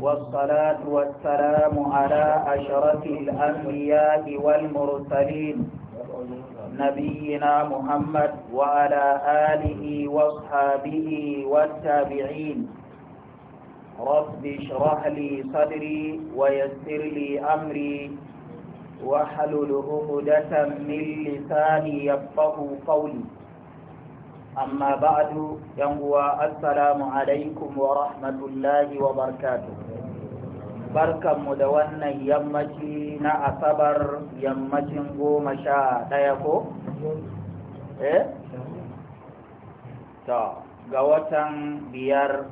والصلاة والسلام على أشرف الأنبياء والمرسلين نبينا محمد وعلى آله واصحابه والتابعين رب اشرح لي صدري ويسر لي أمري واحلل عقدة من لساني يفقه قولي أما بعد ينقوى السلام عليكم ورحمة الله وبركاته mu da wannan yammaci na asabar yammacin goma sha ɗaya ko? eh? ga watan biyar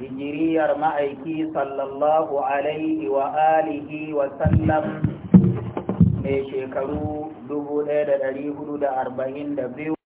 hijiriyar ma'aiki sallallahu alaihi wa alihi wa sallam mai shekaru biyu.